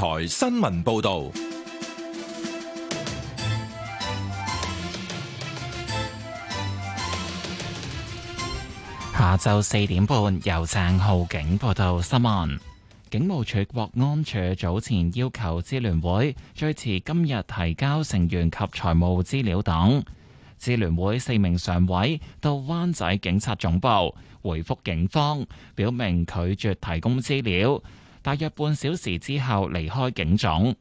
台新聞報導，下晝四點半由鄭浩景報道新聞。警務處國安處早前要求支聯會最遲今日提交成員及財務資料等，支聯會四名常委到灣仔警察總部回覆警方，表明拒絕提供資料。大約半小時之後離開警總，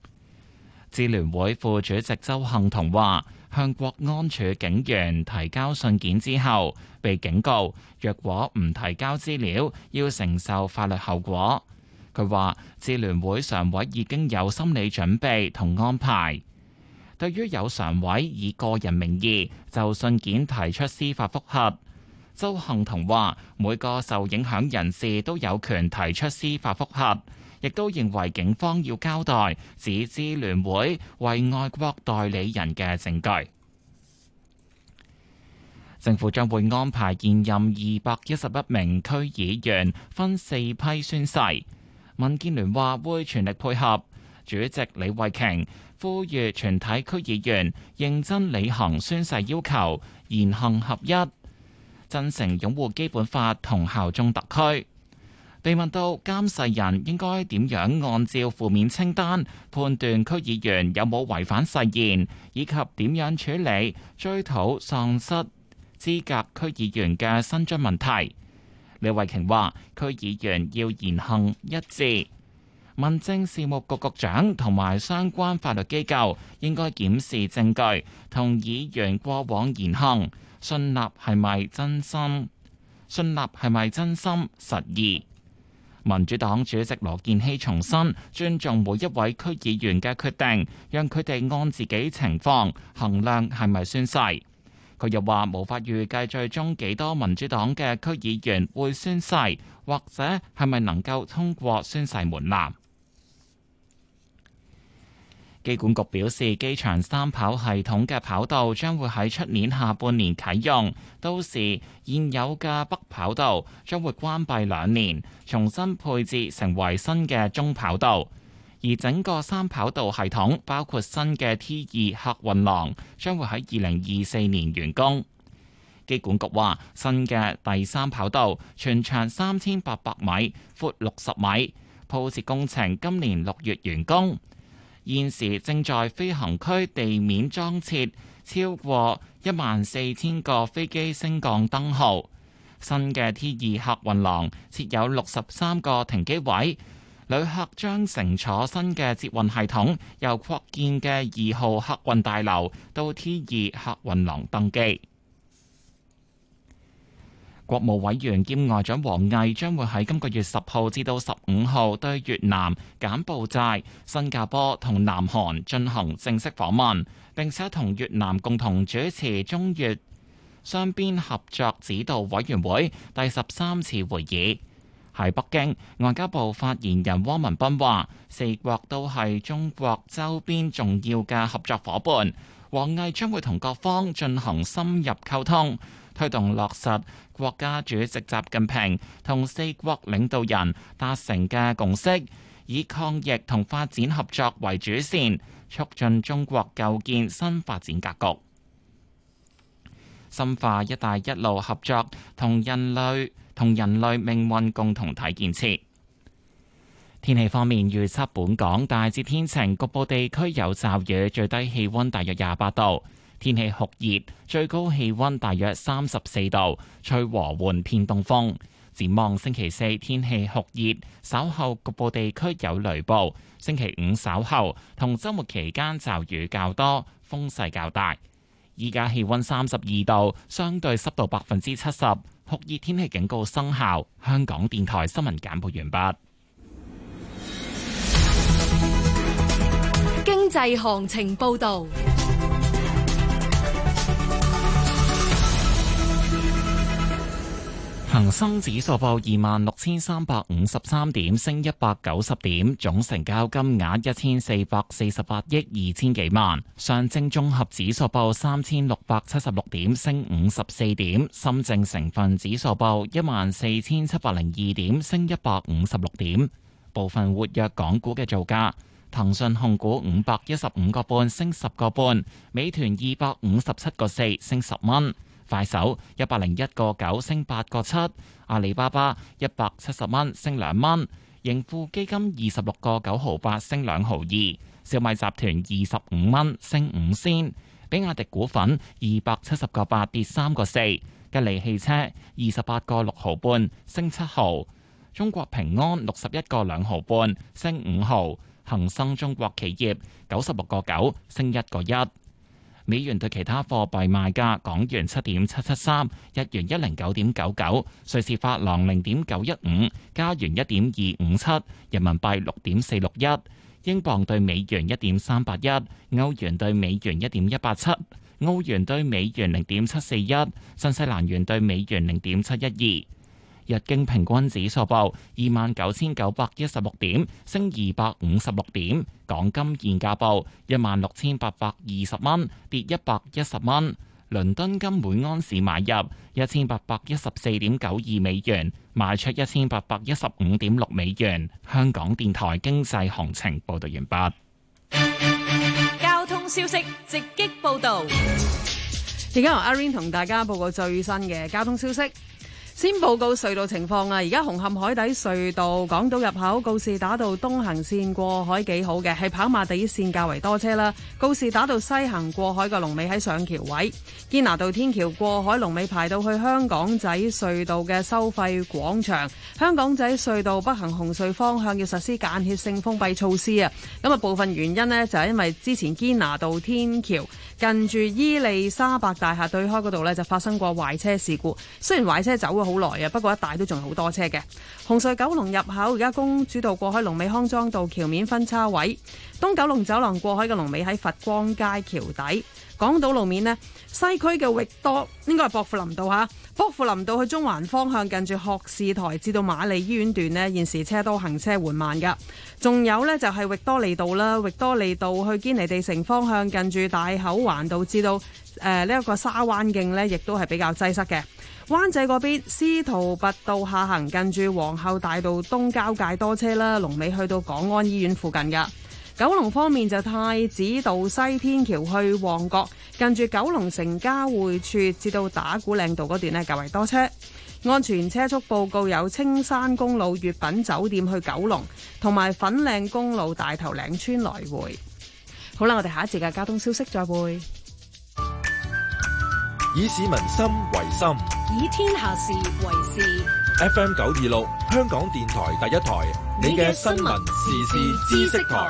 支聯會副主席鄒幸彤話：向國安處警員提交信件之後，被警告，若果唔提交資料，要承受法律後果。佢話支聯會常委已經有心理準備同安排，對於有常委以個人名義就信件提出司法覆核，鄒幸彤話每個受影響人士都有權提出司法覆核。亦都認為警方要交代指支聯會為外國代理人嘅證據。政府將會安排現任二百一十一名區議員分四批宣誓。民建聯話會全力配合，主席李慧瓊呼籲全體區議員認真履行宣誓要求，言行合一，真誠擁護基本法同效忠特區。被問到監誓人應該點樣按照負面清單判斷區議員有冇違反誓言，以及點樣處理追討喪失資格區議員嘅薪津問題，李慧瓊話：區議員要言行一致，民政事務局局，局長同埋相關法律機構應該檢視證據同議員過往言行信納係咪真心？信納係咪真心實意。民主黨主席羅健熙重申尊重每一位區議員嘅決定，讓佢哋按自己情況衡量係咪宣誓。佢又話無法預計最終幾多民主黨嘅區議員會宣誓，或者係咪能夠通過宣誓門檻。機管局表示，機場三跑系統嘅跑道將會喺出年下半年啟用，到時現有嘅北跑道將會關閉兩年，重新配置成為新嘅中跑道，而整個三跑道系統包括新嘅 T 二客運廊，將會喺二零二四年完工。機管局話，新嘅第三跑道全長三千八百米，闊六十米，鋪設工程今年六月完工。現時正在飛行區地面裝設超過一萬四千個飛機升降燈號。新嘅 T 二客運廊設有六十三個停機位，旅客將乘坐新嘅接運系統，由擴建嘅二號客運大樓到 T 二客運廊登機。國務委員兼外長王毅將會喺今個月十號至到十五號對越南、柬埔寨、新加坡同南韓進行正式訪問，並且同越南共同主持中越雙邊合作指導委員會第十三次會議。喺北京，外交部發言人汪文斌話，四國都係中國周邊重要嘅合作伙伴，王毅將會同各方進行深入溝通。推動落實國家主席習近平同四國領導人達成嘅共識，以抗疫同發展合作為主線，促進中國構建新發展格局，深化“一帶一路”合作同人類同人類命運共同體建設。天氣方面，預測本港大致天晴，局部地區有驟雨，最低氣温大約廿八度。天氣酷熱，最高氣溫大約三十四度，吹和緩偏東風。展望星期四天氣酷熱，稍後局部地區有雷暴。星期五稍後同週末期間驟雨較多，風勢較大。依家氣溫三十二度，相對濕度百分之七十，酷熱天氣警告生效。香港電台新聞簡報完畢。經濟行情報道。恒生指數報二萬六千三百五十三點，升一百九十點，總成交金額一千四百四十八億二千幾萬。上證綜合指數報三千六百七十六點，升五十四點。深證成分指數報一萬四千七百零二點，升一百五十六點。部分活躍港股嘅造價，騰訊控股五百一十五個半，升十個半；美團二百五十七個四，升十蚊。快手一百零一個九升八個七，阿里巴巴一百七十蚊升兩蚊，盈富基金二十六個九毫八升兩毫二，小米集團二十五蚊升五仙，比亞迪股份二百七十個八跌三個四，吉利汽車二十八個六毫半升七毫，中國平安六十一個兩毫半升五毫，恒生中國企業九十六個九升一個一。美元對其他貨幣賣價：港元七點七七三，日元一零九點九九，瑞士法郎零點九一五，加元一點二五七，人民幣六點四六一，英鎊對美元一點三八一，歐元對美元一點一八七，歐元對美元零點七四一，新西蘭元對美元零點七一二。日經平均指數報二萬九千九百一十六點，升二百五十六點。港金現價報一萬六千八百二十蚊，跌一百一十蚊。倫敦金每安士買入一千八百一十四點九二美元，賣出一千八百一十五點六美元。香港電台經濟行情報道完畢。交通消息直擊報道，而家由阿 Rain 同大家報告最新嘅交通消息。先報告隧道情況啊！而家紅磡海底隧道港島入口告士打道東行線過海幾好嘅，係跑馬地線較為多車啦。告士打道西行過海個龍尾喺上橋位，堅拿道天橋過海龍尾排到去香港仔隧道嘅收費廣場。香港仔隧道北行紅隧方向要實施間歇性封閉措施啊！咁啊，部分原因呢就係因為之前堅拿道天橋。近住伊利沙伯大廈對開嗰度咧，就發生過壞車事故。雖然壞車走咗好耐啊，不過一帶都仲好多車嘅。紅隧九龍入口而家公主道過海，龍尾康莊道橋面分叉位；東九龍走廊過海嘅龍尾喺佛光街橋底。港島路面呢，西區嘅域多應該係薄扶林道吓。薄扶林道去中環方向，近住學士台至到瑪麗醫院段呢，現時車都行車緩慢噶。仲有呢，就係域多利道啦，域多利道去堅尼地城方向，近住大口環道至到誒呢一個沙灣徑呢，亦都係比較擠塞嘅。灣仔嗰邊司徒拔道下行，近住皇后大道東交界多車啦，龍尾去到港安醫院附近噶。九龍方面就太子道西天橋去旺角，近住九龍城交匯處至到打鼓嶺道嗰段咧，較為多車。安全車速報告有青山公路月品酒店去九龍，同埋粉嶺公路大頭嶺村來回。好啦，我哋下一節嘅交通消息再會。以市民心為心，以天下事為事。F.M. 九二六，香港電台第一台，你嘅新聞時事知識台。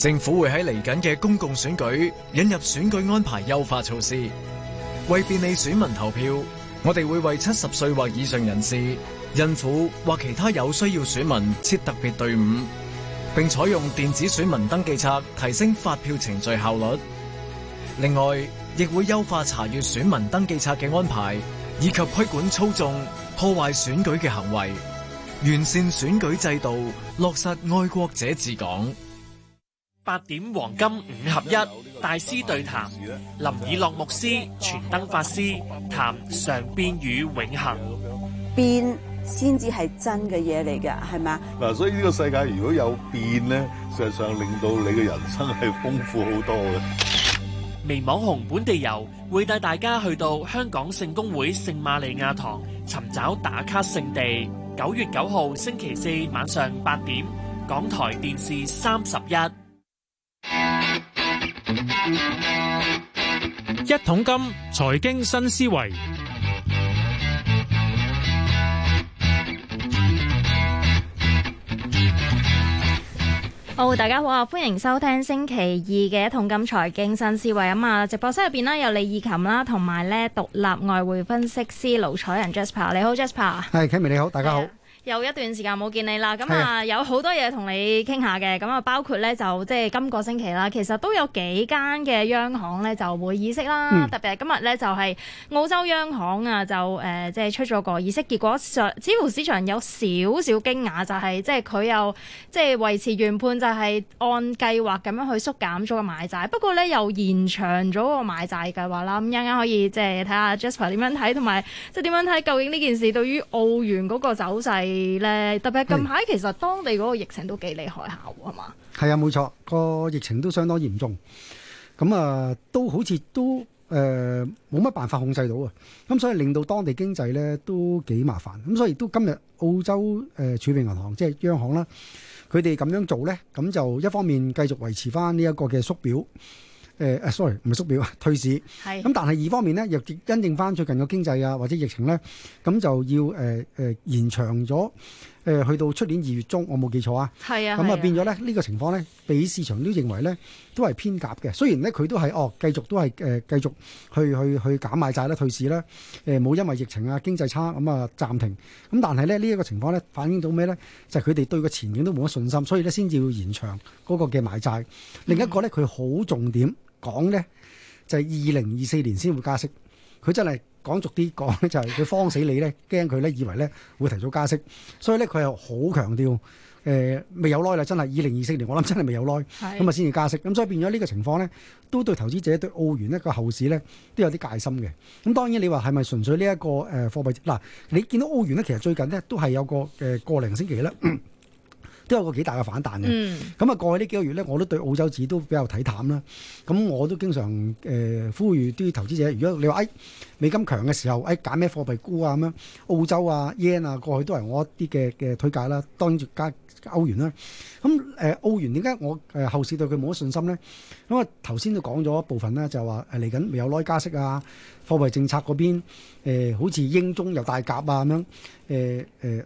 政府會喺嚟緊嘅公共選舉引入選舉安排優化措施，為便利選民投票，我哋會為七十歲或以上人士、孕婦或其他有需要選民設特別隊伍，並採用電子選民登記冊，提升發票程序效率。另外，亦會優化查閱選民登記冊嘅安排，以及規管操縱、破壞選舉嘅行為，完善選舉制度，落實愛國者治港。八點黃金五合一大師對談，林以諾牧師、全登法師談常變與永恒，變先至係真嘅嘢嚟嘅，係嘛嗱？所以呢個世界如果有變呢，事實上令到你嘅人生係豐富好多嘅。微網紅本地遊會帶大家去到香港聖公會聖瑪利亞堂尋找打卡聖地。九月九號星期四晚上八點，港台電視三十一。一桶金財經新思維，好，oh，大家好啊，歡迎收聽星期二嘅一桶金財經新思維啊。直播室入邊啦，有李義琴啦，同埋咧獨立外匯分析師盧楚仁 Jasper，你好 Jasper，係 Kimi 你好，大家好。Uh 有一段時間冇見你啦，咁的啊有好多嘢同你傾下嘅，咁啊包括咧就即係今個星期啦，其實都有幾間嘅央行咧就會議息啦，嗯、特別係今日咧就係、是、澳洲央行啊就誒、呃、即係出咗個議息，結果上似乎市場有少少驚訝，就係、是、即係佢又即係維持原判，就係按計劃咁樣去縮減咗個買債，不過咧又延長咗個買債計劃啦，咁啱啱可以即係睇下 Jasper 點樣睇，同埋即係點樣睇究竟呢件事對於澳元嗰個走勢？咧，特別係近排，其實當地嗰個疫情都幾厲害下喎，係嘛？係啊，冇錯，個疫情都相當嚴重，咁啊，都好似都誒冇乜辦法控制到啊，咁所以令到當地經濟咧都幾麻煩，咁所以都今日澳洲誒儲備銀行即係央行啦，佢哋咁樣做咧，咁就一方面繼續維持翻呢一個嘅縮表。誒誒、呃、sorry，唔係縮表，啊。退市。係、嗯。咁但係二方面咧，又因應翻最近嘅經濟啊，或者疫情咧，咁就要誒誒、呃、延長咗誒、呃、去到出年二月中，我冇記錯啊。係啊。咁、嗯、啊變咗咧，呢個情況咧，俾市場都認為咧，都係偏鴿嘅。雖然咧佢都係哦，繼續都係誒、呃、繼續去去去，去減買債啦，退市啦，誒、呃、冇因為疫情啊經濟差咁啊暫停。咁、嗯、但係咧呢一、這個情況咧反映到咩咧？就係佢哋對個前景都冇乜信心，所以咧先至要延長嗰個嘅買債。另一個咧，佢好重點。講咧就係二零二四年先會加息，佢真係講俗啲講咧，就係佢慌死你咧，驚佢咧以為咧會提早加息，所以咧佢又好強調，誒未有耐啦，真係二零二四年我諗真係未有耐咁啊先至加息，咁所以變咗呢個情況咧都對投資者對澳元一個後市咧都有啲戒心嘅。咁當然你話係咪純粹呢一個誒貨幣？嗱你見到澳元咧，其實最近咧都係有個誒過零星期啦。都有個幾大嘅反彈嘅，咁啊、嗯、過去呢幾個月咧，我都對澳洲紙都比較睇淡啦。咁我都經常誒、呃、呼籲啲投資者，如果你話誒、哎、美金強嘅時候，誒揀咩貨幣沽啊咁樣，澳洲啊 yen 啊過去都係我一啲嘅嘅推介啦，當然加歐元啦。咁誒、呃、歐元點解我誒、呃、後市對佢冇乜信心咧？咁我頭先都講咗一部分咧，就係話誒嚟緊未有耐加息啊貨幣政策嗰邊、呃、好似英中又大鴿啊咁樣誒誒。呃呃呃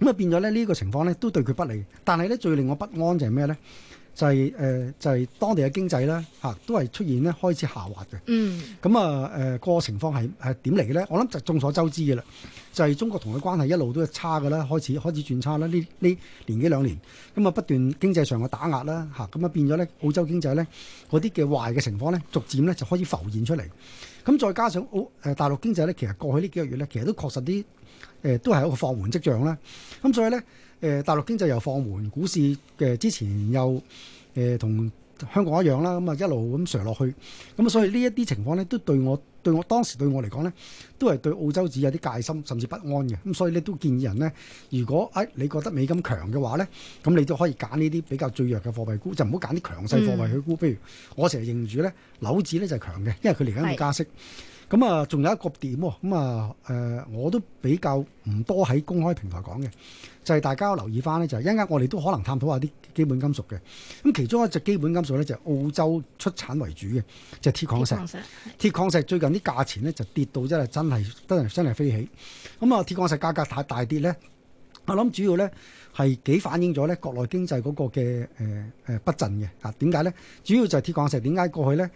咁啊，變咗咧呢個情況咧都對佢不利。但係咧，最令我不安就係咩咧？就係誒，就係當地嘅經濟咧，嚇都係出現咧開始下滑嘅。嗯。咁啊誒個情況係係點嚟嘅咧？我諗就眾所周知嘅啦。就係中國同佢關係一路都差嘅啦，開始開始轉差啦。呢呢年幾兩年咁啊，不斷經濟上嘅打壓啦，嚇咁啊變咗咧澳洲經濟咧嗰啲嘅壞嘅情況咧，逐漸咧就開始浮現出嚟。咁再加上澳誒大陸經濟咧，其實過去呢幾個月咧，其實都確實啲。誒都係一個放緩跡象啦。咁所以呢，誒、呃、大陸經濟又放緩，股市嘅之前又誒同、呃、香港一樣啦，咁啊一路咁衰落去，咁所以呢一啲情況呢都對我對我當時對我嚟講呢，都係對澳洲紙有啲戒心甚至不安嘅，咁所以你都建議人呢，如果誒你覺得美金強嘅話呢，咁你都可以揀呢啲比較最弱嘅貨幣股，就唔好揀啲強勢貨幣去沽。譬、嗯、如我成日認住呢，紐紙呢就係強嘅，因為佢嚟緊會加息。咁啊，仲、嗯、有一個點喎，咁、嗯、啊，誒、呃，我都比較唔多喺公開平台講嘅，就係、是、大家留意翻咧，就係一陣間我哋都可能探討一下啲基本金屬嘅，咁、嗯、其中一隻基本金屬咧就係、是、澳洲出產為主嘅，就係鐵礦石。鐵礦石最近啲價錢咧就跌到真係真係真係真係飛起，咁、嗯、啊，鐵礦石價格大大跌咧，我諗主要咧係幾反映咗咧國內經濟嗰個嘅誒誒不振嘅，啊點解咧？主要就係鐵礦石點解過去咧？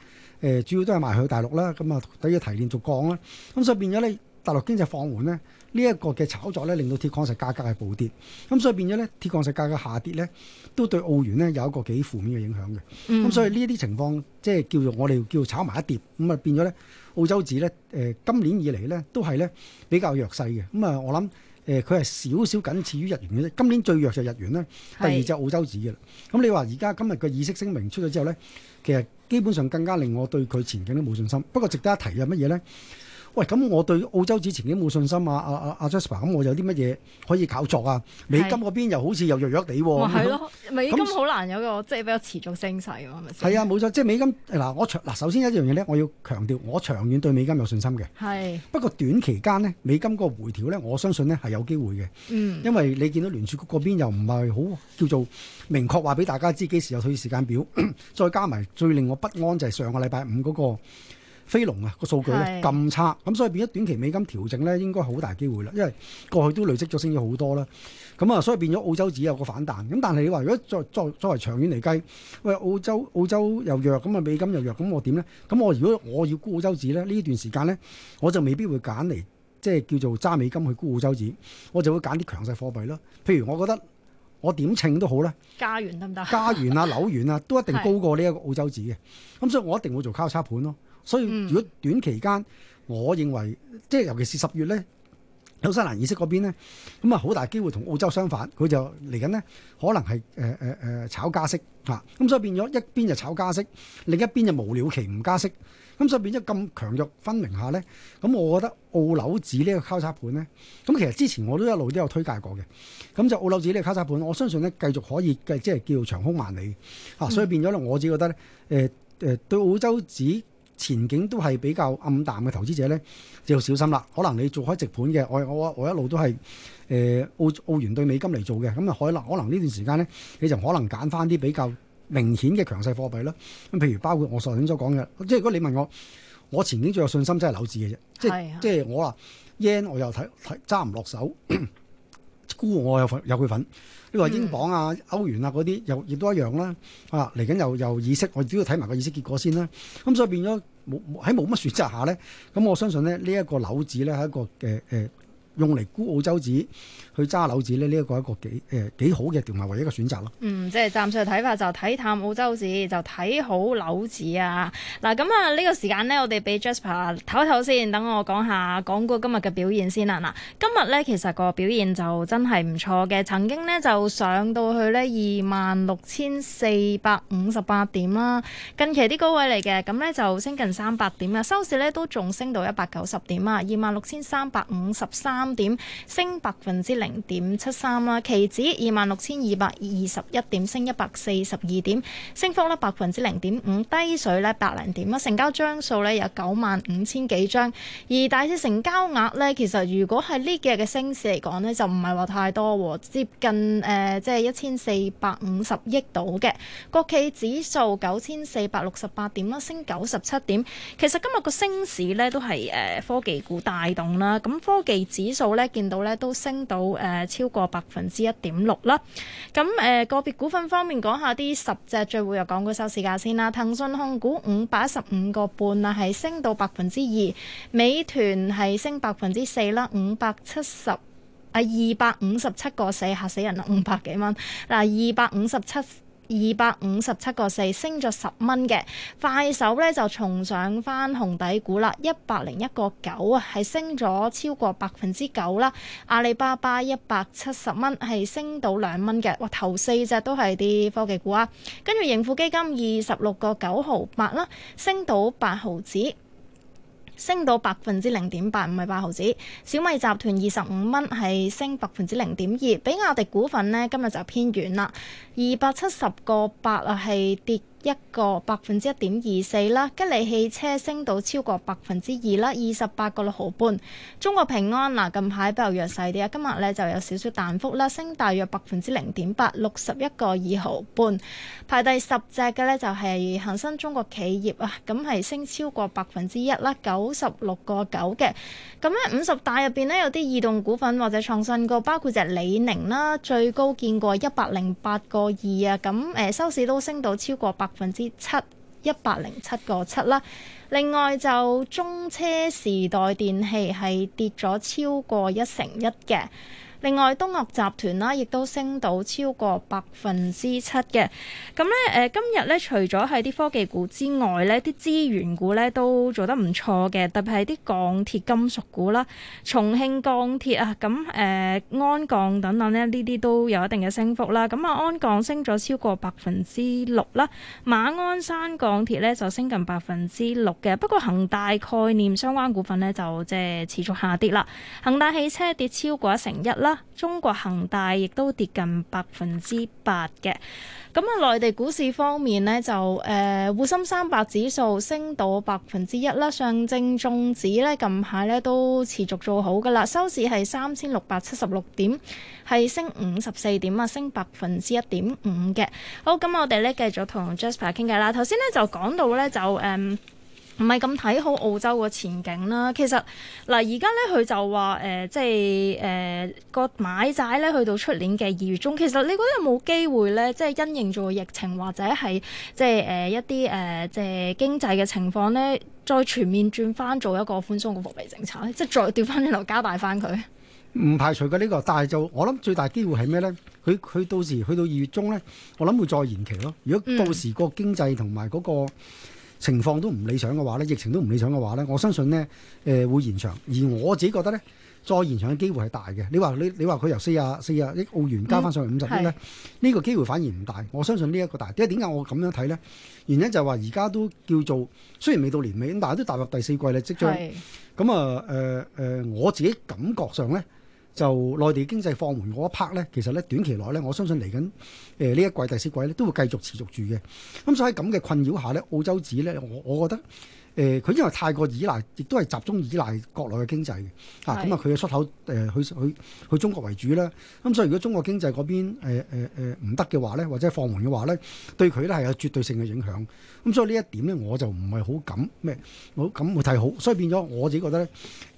誒主要都係賣去大陸啦，咁啊對於提煉逐降啦，咁、嗯、所以變咗咧大陸經濟放緩咧，呢、這、一個嘅炒作咧令到鐵礦石價格係暴跌，咁、嗯、所以變咗咧鐵礦石價格下跌咧，都對澳元咧有一個幾負面嘅影響嘅，咁、嗯嗯、所以呢一啲情況即係叫做我哋叫炒埋一碟，咁啊變咗咧澳洲紙咧誒今年以嚟咧都係咧比較弱勢嘅，咁、嗯、啊我諗。誒佢係少少僅次於日元嘅啫，今年最弱就日元咧，第二就澳洲紙嘅啦。咁是你話而家今日個議息聲明出咗之後咧，其實基本上更加令我對佢前景都冇信心。不過值得一提嘅係乜嘢咧？喂，咁我對澳洲之前已經冇信心啊！啊啊啊，Jasper，咁我有啲乜嘢可以炒作啊？美金嗰邊又好似又弱弱地喎、哦。係咯的，美金好難有個那即係比較持續升勢喎，係咪先？係啊，冇錯，即、就、係、是、美金嗱，我嗱首先一樣嘢咧，我要強調，我長遠對美金有信心嘅。係的。不過短期間呢，美金嗰個回調咧，我相信咧係有機會嘅。嗯。因為你見到聯儲局嗰邊又唔係好叫做明確話俾大家知幾時有退市時間表， 再加埋最令我不安就係上個禮拜五嗰、那個。飛龍啊，個數據咧咁差，咁是所以變咗短期美金調整咧，應該好大機會啦。因為過去都累積咗升咗好多啦，咁啊，所以變咗澳洲紙有個反彈。咁但係你話如果作作作為長遠嚟計，喂澳洲澳洲又弱，咁啊美金又弱，咁我點咧？咁我如果我要沽澳洲紙咧，呢段時間咧，我就未必會揀嚟即係叫做揸美金去沽澳洲紙，我就會揀啲強勢貨幣咯。譬如我覺得我點稱都好咧，加元得唔得？加元啊，紐元啊， 都一定高過呢一個澳洲紙嘅。咁是所以我一定會做交叉盤咯。所以如果短期間，我認為即係尤其是十月咧，紐西蘭議息嗰邊咧，咁啊好大機會同澳洲相反，佢就嚟緊咧可能係誒誒誒炒加息嚇，咁、啊、所以變咗一邊就炒加息，另一邊就無了期唔加息，咁、啊、所以變咗咁強弱分明下咧，咁我覺得澳紐紙呢個交叉盤咧，咁其實之前我都一路都有推介過嘅，咁就澳紐紙呢個交叉盤，我相信咧繼續可以嘅，即係叫長空萬里嚇，所以變咗咧我自己覺得咧，誒、呃、誒對澳洲紙。前景都係比較暗淡嘅投資者咧，就要小心啦。可能你做開直盤嘅，我我我一路都係誒澳澳元對美金嚟做嘅，咁啊可能可能呢段時間咧，你就可能揀翻啲比較明顯嘅強勢貨幣咯。咁譬如包括我頭先所講嘅，即係如果你問我，我前景最有信心真係紐紙嘅啫，即係、啊、即係我話 yen 我又睇睇揸唔落手。 沽我有份有佢份，呢話英鎊啊、歐元啊嗰啲又亦都一樣啦啊！嚟緊又又議息，我只要睇埋個議息結果先啦。咁、嗯、所以變咗冇喺冇乜選擇下咧，咁、嗯、我相信咧呢、這個、呢一個樓子咧係一個誒誒。呃用嚟沽澳洲紙去揸樓指咧，呢一個一個幾誒幾好嘅，同埋唯一嘅選擇咯。嗯，即係暫時嘅睇法就睇淡澳洲紙，就睇好樓指啊。嗱，咁啊，呢、啊呢個時間呢，我哋俾 Jasper 唞一唞先，等我講下港股今日嘅表現先啦。嗱，今日呢，其實個表現就真係唔錯嘅，曾經呢，就上到去呢二萬六千四百五十八點啦、啊。近期啲高位嚟嘅，咁呢就升近三百點啊，收市呢，都仲升到一百九十點啊，二萬六千三百五十三。三點升百分之零點七三啦，期指二萬六千二百二十一點升一百四十二點，升幅咧百分之零點五，低水咧百零點啦，成交張數咧有九萬五千幾張，而大市成交額咧其實如果係呢幾日嘅升市嚟講咧，就唔係話太多，接近誒即係一千四百五十億到嘅，國企指數九千四百六十八點啦，升九十七點。其實今日個升市咧都係誒科技股帶動啦，咁科技指數咧見到咧都升到誒超過百分之一點六啦，咁誒個別股份方面講下啲十隻最活躍港股收市價先啦。騰訊控股五百一十五個半啊，係升到百分之二，美團係升百分之四啦，五百七十啊，二百五十七個四嚇死人啦，五百幾蚊嗱，二百五十七。二百五十七個四，4，升咗十蚊嘅。快手咧就重上翻紅底股啦，一百零一個九啊，係升咗超過百分之九啦。阿里巴巴一百七十蚊，係升到兩蚊嘅。哇，頭四隻都係啲科技股啊。跟住盈富基金二十六個九毫八啦，升到八毫子。升到百分之零點八，唔係八毫子。小米集團二十五蚊係升百分之零點二，比亞迪股份呢，今日就偏軟啦，二百七十個八啊係跌，一個百分之一點二四啦，吉利汽車升到超過百分之二啦，二十八個六毫半。中國平安嗱，近排比較弱勢啲啊，今日咧就有少少彈幅啦，升大約百分之零點八，六十一個二毫半。排第十隻嘅咧就係、是、恒生中國企業啊，咁係升超過百分之一啦，九十六個九嘅。咁咧五十大入邊呢，有啲異動股份或者創新高，包括隻李寧啦，最高見過一百零八個二啊，咁、呃、誒收市都升到超過百。百分之七一百零七個七啦，7, 7. 7, 另外就中車時代電器係跌咗超過一成一嘅。另外，東岳集團啦，亦都升到超過百分之七嘅。咁咧，誒今日咧，除咗係啲科技股之外咧，啲資源股咧都做得唔錯嘅，特別係啲鋼鐵金屬股啦，重慶鋼鐵啊，咁誒安鋼等等咧，呢啲都有一定嘅升幅啦。咁啊，安鋼升咗超過百分之六啦，馬鞍山鋼鐵咧就升近百分之六嘅。不過，恒大概念相關股份咧就即係持續下跌啦。恒大汽車跌超過一成一啦。中國恒大亦都跌近百分之八嘅。咁啊，內、嗯、地股市方面呢，就誒，滬深三百指數升到百分之一啦。上證綜指呢，近排呢都持續做好噶啦，收市係三千六百七十六點，係升五十四點啊，升百分之一點五嘅。好，咁、嗯、我哋呢繼續同 Jasper 傾偈啦。頭先呢就講到呢，就誒。嗯唔係咁睇好澳洲個前景啦。其實嗱，而家咧佢就話誒、呃，即係誒個買債咧，去到出年嘅二月中。其實你覺得有冇機會咧，即係因應做疫情或者係即係誒、呃、一啲誒、呃、即係經濟嘅情況咧，再全面轉翻做一個寬鬆嘅貨幣政策咧，即係再調翻轉頭加大翻佢？唔排除嘅呢、呢個，但係就我諗最大機會係咩咧？佢佢到時去到二月中咧，我諗會再延期咯。如果到時個經濟同埋嗰個，嗯情況都唔理想嘅話咧，疫情都唔理想嘅話咧，我相信咧誒、呃、會延長。而我自己覺得咧，再延長嘅機會係大嘅。你話你你話佢由四啊四啊億澳元加翻上去五十億咧，呢、嗯、個機會反而唔大。我相信呢一個大，點解點解我咁樣睇咧？原因就係話而家都叫做雖然未到年尾，但係都踏入第四季啦，即將。咁啊誒誒，我自己感覺上咧。就內地經濟放緩嗰一 part 咧，其實咧短期內咧，我相信嚟緊誒呢一季第四季咧都會繼續持續住嘅。咁、嗯、所以喺咁嘅困擾下咧，澳洲指咧我我覺得。誒佢、呃、因為太過依賴，亦都係集中依賴國內嘅經濟嘅啊，咁啊，佢嘅出口誒、呃、去去去中國為主啦。咁、嗯、所以如果中國經濟嗰邊誒誒唔得嘅話咧，或者放緩嘅話咧，對佢咧係有絕對性嘅影響。咁、嗯、所以呢一點咧，我就唔係好敢咩，冇咁冇睇好。所以變咗我自己覺得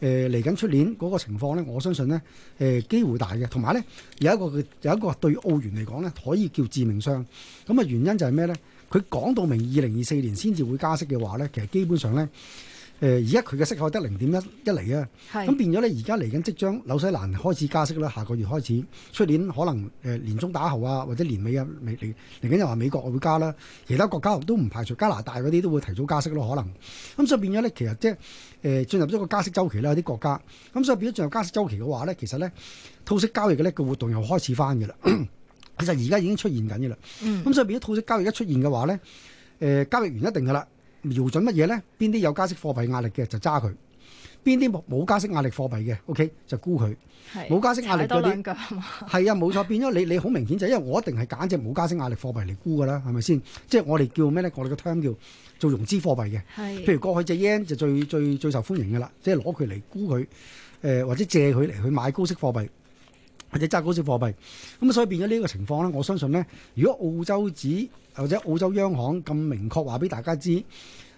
咧，誒嚟緊出年嗰個情況咧，我相信咧誒、呃、機會大嘅。同埋咧有一個有一個對澳元嚟講咧，可以叫致命傷。咁、嗯、啊原因就係咩咧？佢講到明，二零二四年先至會加息嘅話咧，其實基本上咧，誒而家佢嘅息口得零點一一嚟啊，咁是變咗咧，而家嚟緊即將紐西蘭開始加息啦，下個月開始，出年可能誒年中打後啊，或者年尾啊，嚟嚟嚟緊又話美國會加啦，其他國家都唔排除加拿大嗰啲都會提早加息咯，可能咁、嗯、所以變咗咧，其實即係誒進入咗個加息周期啦，有啲國家咁、嗯、所以變咗進入加息周期嘅話咧，其實咧，套息交易嘅呢個活動又開始翻嘅啦。 其實而家已經出現緊嘅啦，咁、嗯啊、所以變咗套息交易一出現嘅話咧，誒、呃、交易員一定嘅啦，瞄準乜嘢咧？邊啲有加息貨幣壓力嘅就揸佢，邊啲冇冇加息壓力貨幣嘅，OK 就沽佢，冇是加息壓力嗰啲，係 啊冇錯，變咗你你好明顯就是、因為我一定係揀隻冇加息壓力貨幣嚟沽嘅啦，係咪先？即、就、係、是、我哋叫咩咧？我哋個 term 叫做融資貨幣嘅，是譬如過去隻 yen 就最最最，最受歡迎嘅啦，即係攞佢嚟沽佢，誒、呃、或者借佢嚟去買高息貨幣。或者揸高息貨幣，咁所以變咗呢個情況咧，我相信咧，如果澳洲紙或者澳洲央行咁明確話俾大家知，誒、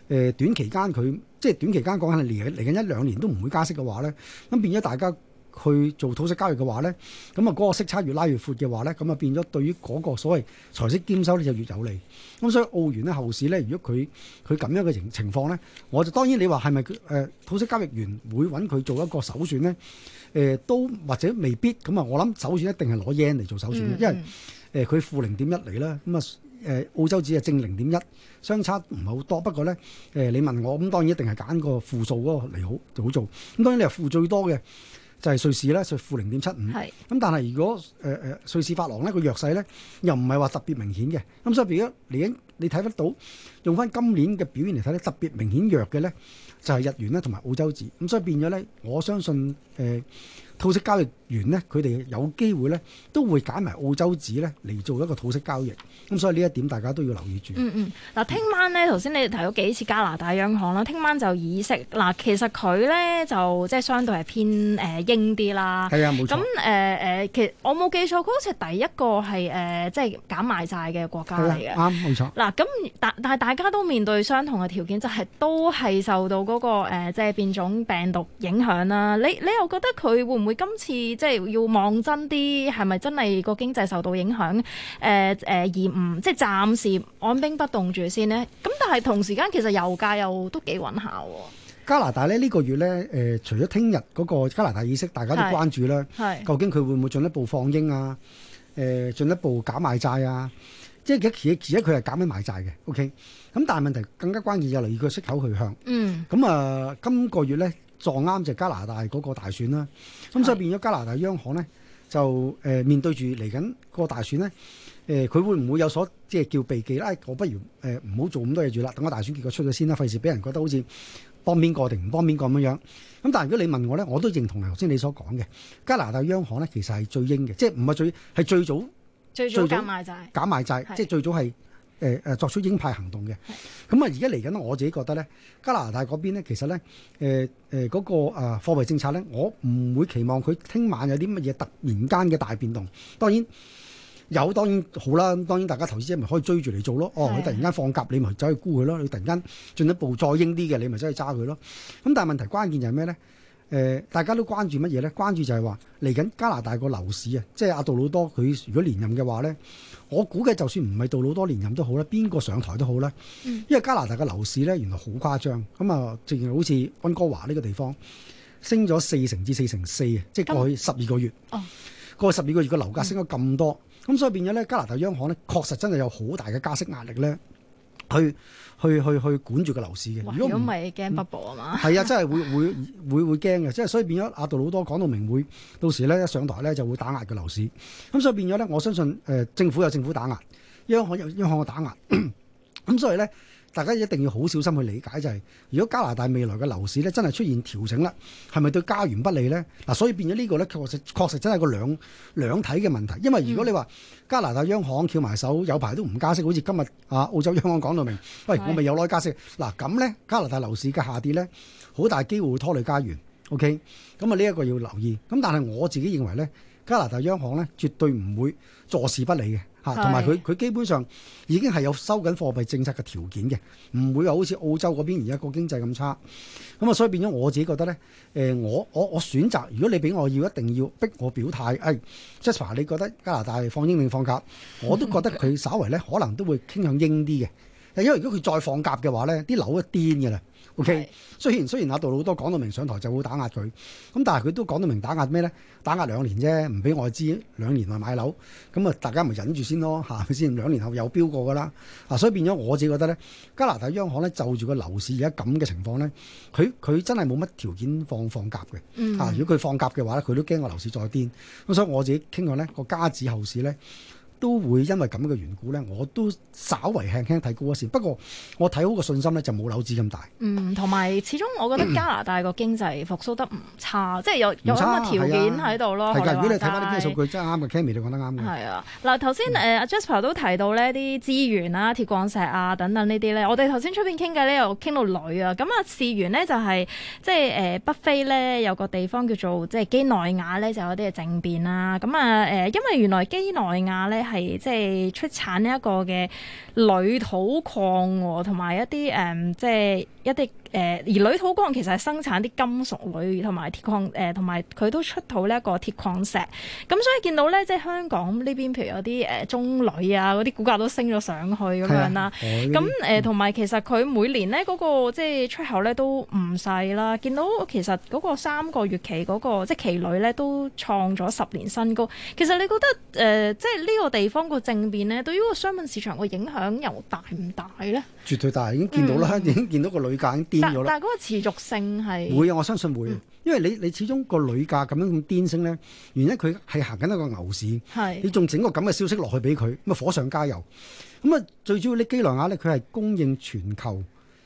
呃、短期間佢即係短期間講緊係嚟嚟緊一兩年都唔會加息嘅話咧，咁變咗大家去做套息交易嘅話咧，咁啊，嗰個息差越拉越闊嘅話咧，咁啊變咗對於嗰個所謂財息兼收咧就越有利。咁所以澳元咧後市咧，如果佢佢咁樣嘅形情況咧，我就當然你話係咪誒套息交易員會揾佢做一個首選咧？誒、呃、都或者未必咁啊。我諗首選一定係攞 yen 嚟做首選，嗯、因為誒佢負零點一嚟啦。咁啊誒澳洲指係正零點一，相差唔係好多。不過咧誒、呃、你問我咁當然一定係揀個負數嗰個嚟好就好做。咁當然你係負最多嘅。就係瑞士咧，就負零點七五。咁是但係如果誒誒、呃、瑞士法郎咧，佢弱勢咧又唔係話特別明顯嘅。咁所以變咗你已經你睇得到用翻今年嘅表現嚟睇咧，特別明顯弱嘅咧就係日元咧同埋澳洲紙。咁所以變咗咧，我相信誒。呃套息交易員呢，佢哋有機會呢，都會揀埋澳洲紙呢嚟做一個套息交易。咁所以呢一點大家都要留意住、嗯。嗯嗯，嗱，聽晚呢，頭先、嗯、你提到幾次加拿大央行啦，聽晚就議息。嗱，其實佢呢，就即係相對係偏誒、呃、鷹啲啦。係啊，冇錯。咁誒誒，其實我冇記錯，佢好似係第一個係誒、呃、即係減賣債嘅國家嚟嘅。啱，冇錯。嗱、嗯，咁但但係大家都面對相同嘅條件，就係、是、都係受到嗰、那個、呃、即係變種病毒影響啦。你你，你又覺得佢會唔？會今次即係要望真啲，係咪真係個經濟受到影響？誒、呃、誒、呃，而唔即係暫時按兵不動住先呢？咁但係同時間其實油價又都幾穩下。加拿大咧呢、呢個月咧誒、呃，除咗聽日嗰個加拿大議息，大家都關注啦，係究竟佢會唔會進一步放鷹啊？誒、呃，進一步減買債啊？即係而家佢係減緊買債嘅。O K。咁但係問題更加關鍵就嚟個息口去向。嗯。咁啊、呃，今個月咧。撞啱就加拿大嗰個大選啦，咁所以變咗加拿大央行咧就誒、呃、面對住嚟緊個大選咧誒，佢、呃、會唔會有所即係叫避忌啦？我不如誒唔好做咁多嘢住啦，等個大選結果出咗先啦，費事俾人覺得好似方便過定唔方便過咁樣樣。咁但係如果你問我咧，我都認同係頭先你所講嘅加拿大央行咧，其實係最鷹嘅，即係唔係最係最早最早減買債減買債即係最早係。是誒誒作出鷹派行動嘅，咁啊而家嚟緊我自己覺得咧，加拿大嗰邊咧，其實咧，誒誒嗰個啊貨幣政策咧，我唔會期望佢聽晚有啲乜嘢突然間嘅大變動。當然有，當然好啦，當然大家投資者咪可以追住嚟做咯。的哦，佢突然間放鴿，你咪走去沽佢咯。你突然間進一步再鷹啲嘅，你咪走去揸佢咯。咁但係問題關鍵就係咩咧？誒，大家都關注乜嘢咧？關注就係話嚟緊加拿大個樓市啊，即係阿杜魯多佢如果連任嘅話咧，我估計就算唔係杜魯多連任都好啦，邊個上台都好啦，嗯、因為加拿大嘅樓市咧，原來好誇張，咁啊，正如好似溫哥華呢個地方升咗四成至四成四啊，即係過去十二個月，哦、過去十二個月個樓價升咗咁多，咁、嗯、所以變咗咧加拿大央行咧確實真係有好大嘅加息壓力咧。去去去去管住個樓市嘅，嘩如果唔係驚 bubble 啊嘛，係啊， 真係會會會會驚嘅，即係所以變咗阿杜魯多講到明會到時咧一上台咧就會打壓個樓市，咁所以變咗咧，我相信誒政府有政府打壓，央行有央行嘅打壓，咁 所以咧。大家一定要好小心去理解、就是，就係如果加拿大未來嘅樓市咧真係出現調整啦，係咪對加元不利呢？嗱、啊，所以變咗呢個咧，確實確實真係個兩兩體嘅問題。因為如果你話加拿大央行翹埋手，有排都唔加息，好似今日啊澳洲央行講到明，喂我咪有耐加息。嗱、啊、咁呢加拿大樓市嘅下跌呢，好大機會會拖累加元。OK，咁啊呢一個要留意。咁但係我自己認為呢，加拿大央行咧絕對唔會坐視不理嘅。同埋佢佢基本上已經係有收緊貨幣政策嘅條件嘅，唔會有好似澳洲嗰邊而家個經濟咁差。咁啊，所以變咗我自己覺得呢，誒、呃，我我我選擇，如果你俾我要一定要逼我表態，誒、哎、Jasper 你覺得加拿大放鷹定放鴿？我都覺得佢稍為呢可能都會傾向鷹啲嘅。因為如果佢再放鴿嘅話呢啲樓一癲嘅啦。OK，是雖然雖然阿杜魯多講到明上台就會打壓佢，咁但係佢都講到明打壓咩呢？打壓兩年啫，唔俾外資兩年內買樓。咁啊，大家咪忍住先咯，嚇、啊、先。兩年後有飆過噶啦。嗱、啊，所以變咗我自己覺得呢，加拿大央行呢就住個樓市而家咁嘅情況呢，佢佢真係冇乜條件放放鴿嘅。啊、嗯，如果佢放鴿嘅話呢佢都驚個樓市再癲。咁所以我自己傾過呢個加紙後市呢，都會因為咁嘅緣故咧，我都稍為輕輕睇高一線。不過我睇好嘅信心咧就冇樓指咁大。嗯，同埋始終我覺得加拿大個經濟復甦得唔差，嗯、即係有差有啲嘅條件喺度咯，係的如果你睇翻啲數據是真係啱嘅 Cammy 你講得啱嘅。啊，嗱頭先誒阿、呃、Jasper 都提到呢啲資源啊、鐵礦石啊等等呢啲咧，我哋頭先出邊傾偈咧又傾到女啊。咁啊，事源呢、就是，就係即係誒北非咧有個地方叫做即係幾內亞咧就有啲嘅政變啦。咁啊誒，因為原來幾內亞咧。係即係出產呢一個嘅鋁土礦喎、同埋一啲誒、嗯、即係一啲。誒而鋁土礦其實係生產啲金屬鋁同埋鐵礦誒，同埋佢都出土呢一個鐵礦石。咁、啊、所以見到咧，即係香港呢邊，譬如有啲誒中鋁啊，嗰啲股價都升咗上去咁樣啦。咁誒同埋其實佢每年咧嗰、那個即係出口咧都唔細啦。見到其實嗰個三個月期嗰、那個即係期鋁咧都創咗十年新高。其實你覺得誒、呃，即係呢個地方個政變咧，對於個商品市場個影響又大唔大咧？絕對大，已經見到啦，嗯、 已經見到個鋁但係嗰個持續性係會啊，我相信會，因為你你始終個鋁價咁樣咁癲升咧，原因佢係行緊一個牛市，係是你仲整個咁嘅消息落去俾佢，咁啊火上加油，咁啊最主要啲幾內亞咧，佢係供應全球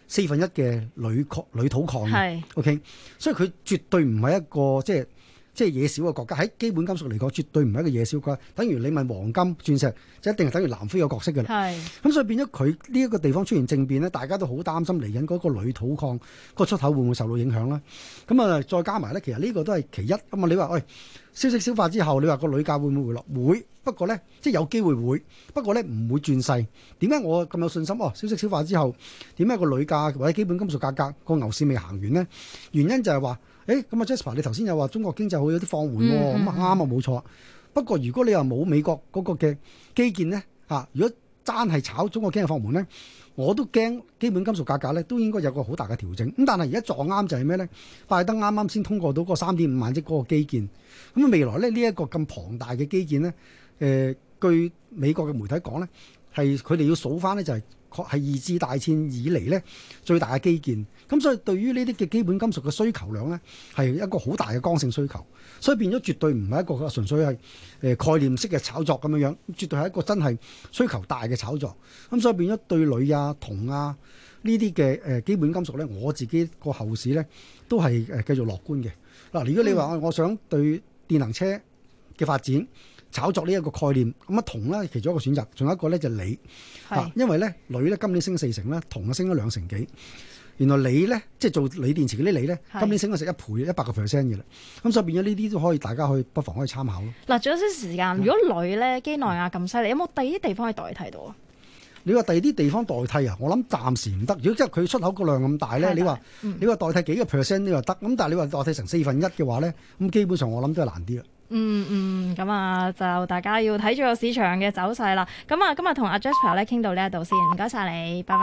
四分一嘅鋁礦鋁土礦，係是，OK，所以佢絕對唔係一個即係。即係嘢少嘅國家喺基本金屬嚟講，絕對唔係一個嘢少國家，等於你問黃金、鑽石就一定係等於南非嘅角色嘅啦。咁所以變咗佢呢一個地方出現政變咧，大家都好擔心嚟緊嗰個鋁土礦個出口會唔會受到影響咧？咁啊，再加埋咧，其實呢個都係其一。咁啊，你話喂，消息消化之後，你話個鋁價會唔會回落？會，不過咧，即係有機會會，不過咧唔會轉勢。點解我咁有信心？哦，消息消化之後，點解個鋁價或者基本金屬價格個牛市未行完咧？原因就係話。誒，咁啊，Jasper，你頭先又話中國經濟好有啲放緩，咁啊啱啊，冇錯。不過如果你話冇美國嗰個嘅基建呢，吓、啊，如果真係炒中國經濟放緩呢，我都驚基本金屬價格呢都應該有個好大嘅調整。咁但係而家撞啱就係咩呢？拜登啱啱先通過到嗰三點五萬億嗰個基建，咁、嗯、未來呢、呢、這、一個咁龐大嘅基建呢，誒、呃，據美國嘅媒體講呢。係佢哋要數翻呢，就係確係二次大戰以嚟呢最大嘅基建。咁所以對於呢啲嘅基本金屬嘅需求量呢，係一個好大嘅剛性需求。所以變咗絕對唔係一個純粹係誒概念式嘅炒作咁樣樣，絕對係一個真係需求大嘅炒作。咁所以變咗對鋁啊、銅啊呢啲嘅誒基本金屬呢，我自己個後市呢，都係誒繼續樂觀嘅。嗱，如果你話我我想對電能車嘅發展。嗯炒作呢一個概念，咁啊銅咧，其中一個選擇，仲有一個咧就鋁、係是啊。因為咧鋁咧今年升四成咧，銅啊升咗兩成幾。原來鋁咧即係做鋰電池嗰啲鋰咧，是今年升咗成一倍，一百個 percent 嘅啦。咁所以變咗呢啲都可以，大家可以不妨可以參考咯。嗱，仲有啲時間，如果鋁咧幾內亞咁犀利，有冇第二啲地方可以代替到啊？你話第二啲地方代替啊？我諗暫時唔得。如果即係佢出口個量咁大咧，大你話說、嗯、你話代替幾個 percent 你又得。咁但係你話代替成四分一嘅話咧，咁基本上我諗都係難啲啦。嗯嗯，咁、嗯、啊就大家要睇住個市場嘅走勢啦。咁啊，今日同阿 Jasper 咧傾到呢一度先，唔該晒你，拜拜。